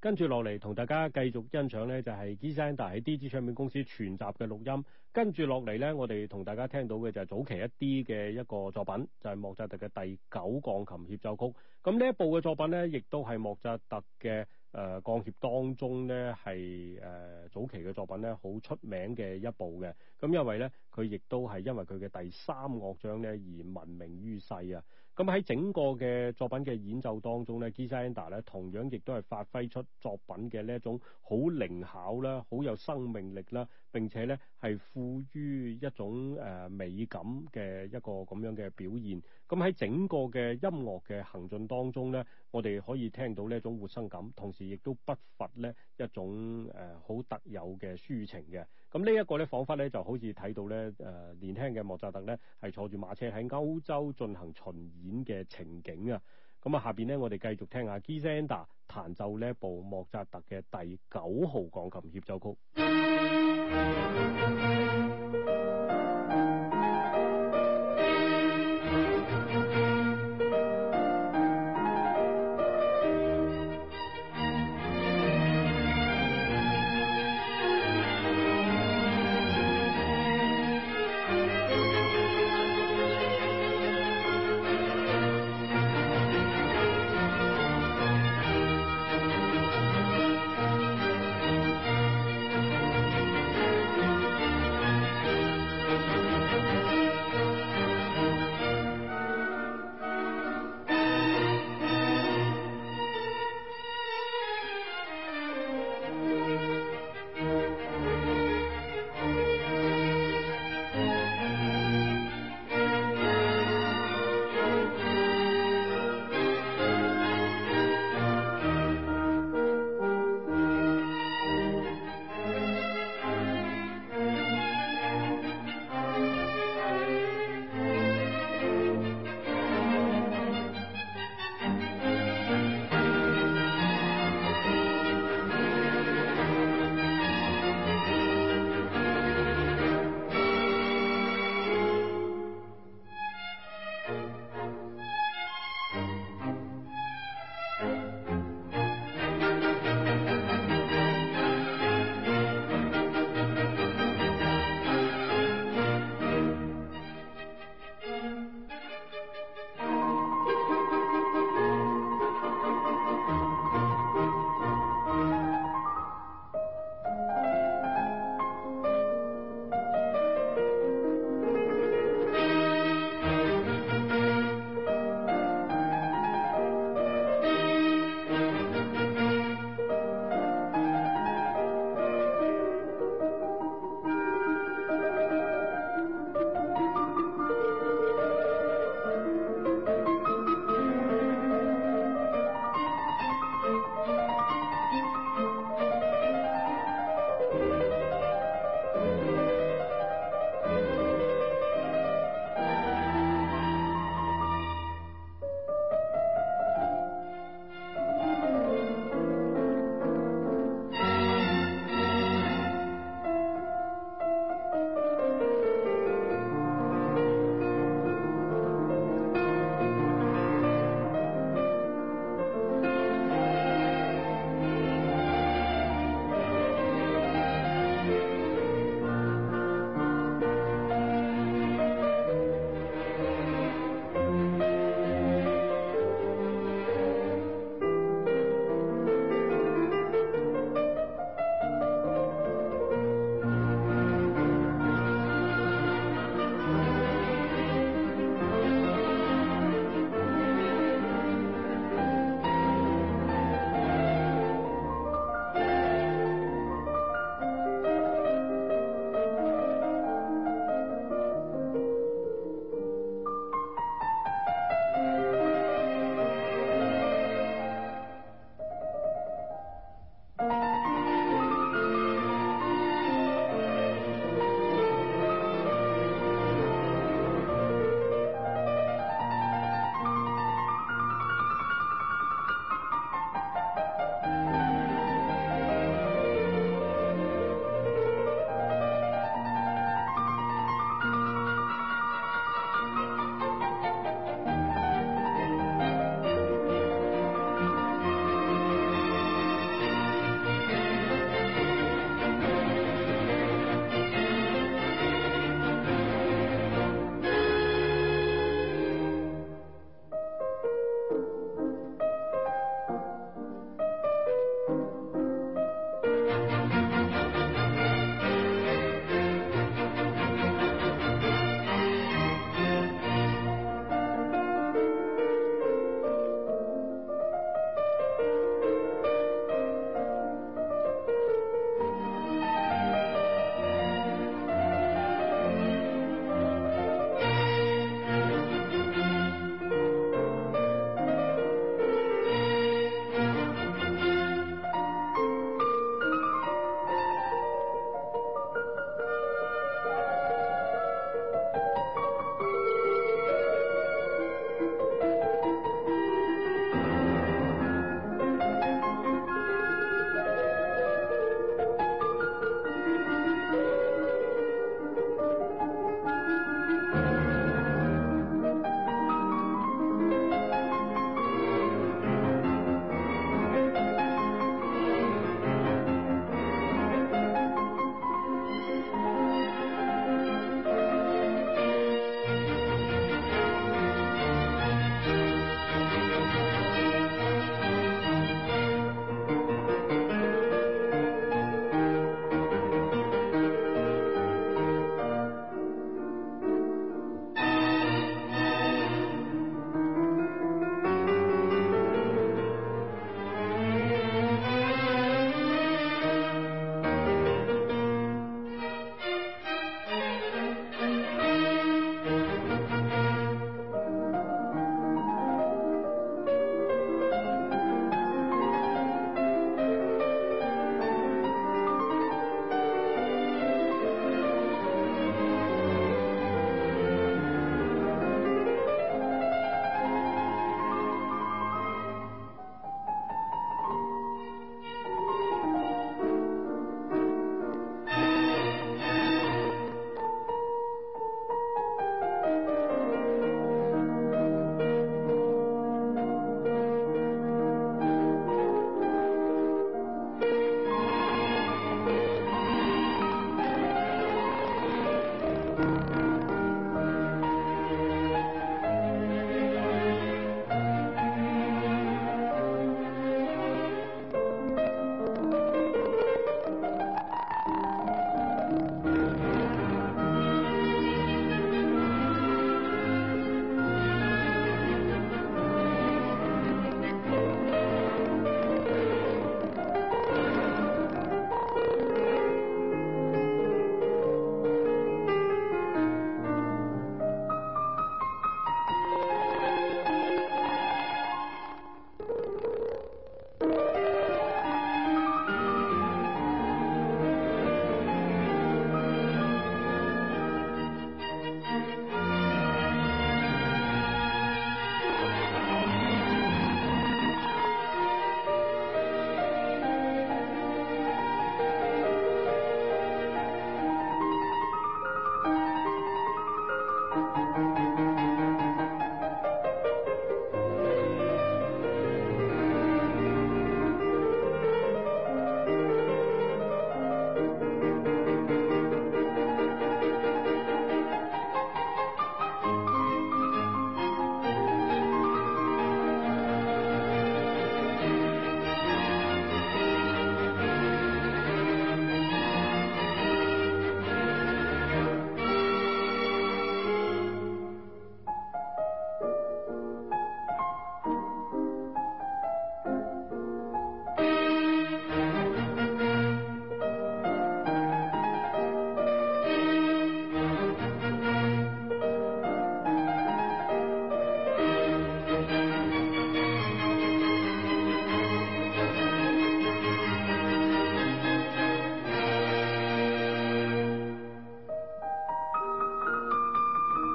跟住落嚟同大家繼續欣賞咧，就係基山達喺 D G 唱片公司全集嘅錄音。跟住落嚟咧，我哋同大家聽到嘅就係早期一啲嘅一個作品，就係、是、莫扎特嘅第九鋼琴協奏曲。咁呢一部嘅作品咧，亦都係莫扎特嘅誒鋼協當中咧，係誒、呃、早期嘅作品咧，好出名嘅一部嘅。咁因為咧，佢亦都係因為佢嘅第三樂章咧而聞名於世啊！咁喺整個嘅作品嘅演奏當中咧，Gisela 咧同樣亦都係發揮出作品嘅呢一種好靈巧啦、好有生命力啦，並且咧係富於一種誒美感嘅一個咁樣嘅表現。咁喺整個嘅音樂嘅行進當中咧，我哋可以聽到呢一種活生感，同時亦都不乏咧一種誒好特有嘅抒情嘅。咁呢一個咧，彷彿咧就好似睇到咧誒年輕嘅莫扎特咧，係坐住馬車喺歐洲進行巡演嘅情景啊！咁啊，下邊咧，我哋繼續聽下 Gisenda 彈奏呢一部莫扎特嘅第九號鋼琴協奏曲。